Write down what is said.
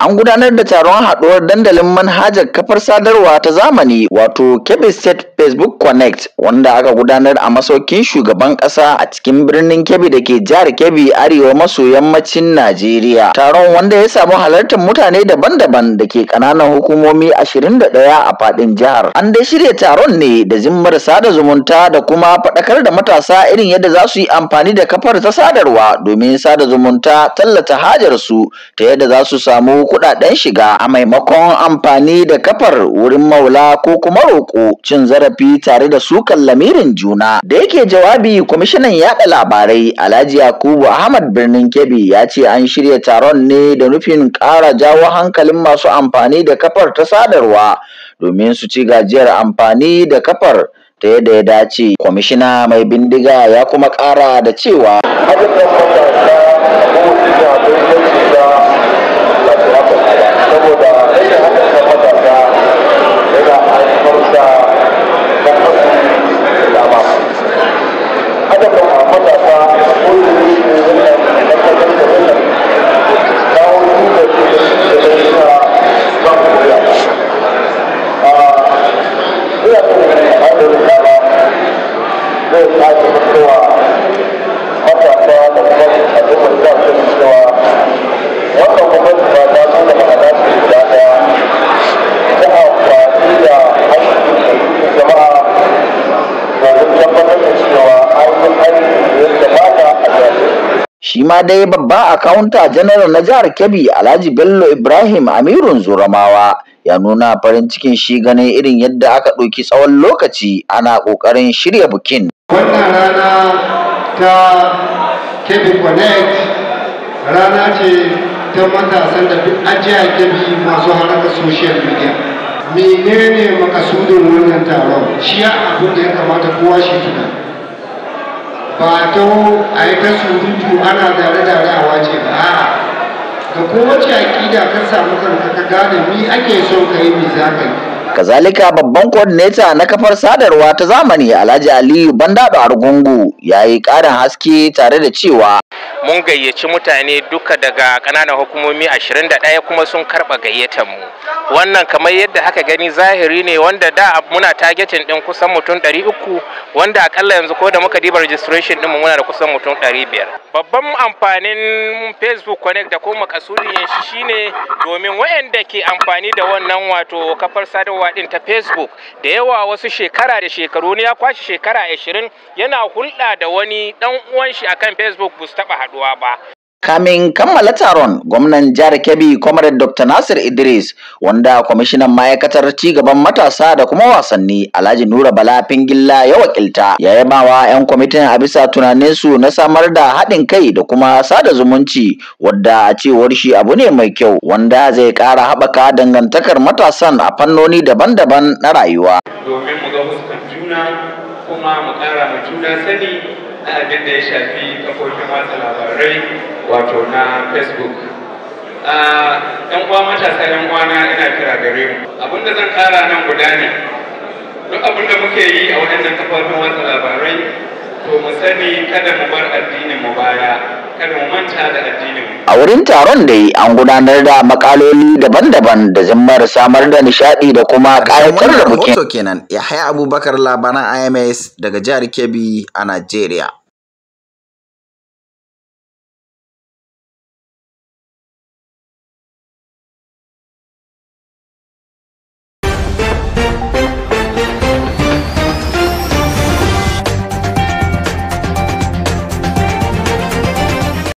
an gudanar da taron haɗuwar dandalin manhajar kafar sadarwa ta zamani wato Kebbi State Facebook Connect wanda aka gudanar a masaukin shugaban ƙasa a cikin birnin Kebbi da ke jihar Kebbi arewa maso yammacin Najeriya. Taron wanda ya samu halartar mutane daban-daban da ke ƙananan hukumomi 21 a faɗin jihar. An dai shirya taron ne da zimmar sada zumunta da kuma faɗakar da matasa irin yadda za su yi amfani da kafar ta sadarwa domin sada zumunta tallata hajar su, ta yadda za su samu kudaden shiga a maimakon amfani da kafar wurin maula ko kuma roƙo cin zarafi tare da sukan lamirin juna da yake jawabi kwamishinan yaɗa labarai alhaji yakubu ahmad birnin kebbi ya ce an shirya taron ne da nufin ƙara jawo hankalin masu amfani da kafar ta sadarwa domin su ci gajiyar amfani da kafar ta yadda ya dace kwamishina mai bindiga ya kuma ƙara da cewa البيت هذه المستوى متى كان البيت أدوم الدار في المستوى وأنه مهم فاتاتون الحداث في الجامعة جاء فراتية حيث الجماعة ومن جمعنا المستوى أيضا أيضا يتبادى أجازه shi ma dai babba akawunta janar na jihar kebbi alhaji bello ibrahim amirun zuramawa ya nuna farin cikin shi ganin irin yadda aka ɗauki tsawon lokaci ana ƙoƙarin shirya bukin. Wannan rana ta Kebbi Connect rana ce ta matasan da duk ajiya Kebbi masu haraka social media. Menene makasudin wannan taron? Shi abin da ya kamata kowa shi tuna. Ba ta a yi ta surutu ana dare tare a wace ba. ka kowace aƙida ka samu kanka ka gane ni ake so ka yi mi za kazalika babban coordinator na kafar sadarwa ta zamani alhaji aliyu bandado argungu ya yi ƙarin haske tare da cewa mun gayyaci mutane duka daga ƙananan hukumomi 21 kuma sun karba gayyatar mu wannan kamar yadda haka gani zahiri ne wanda da muna targetin din kusan mutum 300 wanda akalla yanzu ko da muka diba registration din muna da kusan mutum 500 babban amfanin facebook connect da kuma makasudin shi shine domin waɗanda ke amfani da wannan wato kafar sadarwa sadarwa ɗin ta facebook da yawa wasu shekara da shekaru ne ya kwashe shekara 20 yana hulɗa da wani ɗan uwan shi akan facebook ba su taɓa haɗuwa ba Kamin kammala taron, gwamnan jihar Kebbi Comrade Dr. Nasir Idris, wanda kwamishinan ma'aikatar cigaban matasa da kuma wasanni Alhaji Nura Bala Fingilla ya wakilta, ya wa 'yan kwamitin a bisa tunaninsu na samar da haɗin kai da kuma sada zumunci, wadda a cewar shi abu ne mai kyau, wanda zai ƙara haɓaka dangantakar matasan a fannoni daban-daban na rayuwa. Domin mu ga juna kuma mu ƙara mu juna sani na abin da ya shafi kafofin watsa labarai wato na facebook ɗan ah, uwa matasa yan uwa na ina kira gare mu abin da zan kara nan guda ne duk abin da muke yi a waɗannan kafofin watsa labarai to mu sani kada mu bar addinin mu baya A wurin taron da yi, an gudanar da makaloli daban-daban da zimmar samar da nishaɗi da kuma ƙayatar da bukin. kenan Yahaya Abubakar Labaran IMS daga jihar Kebbi a Najeriya.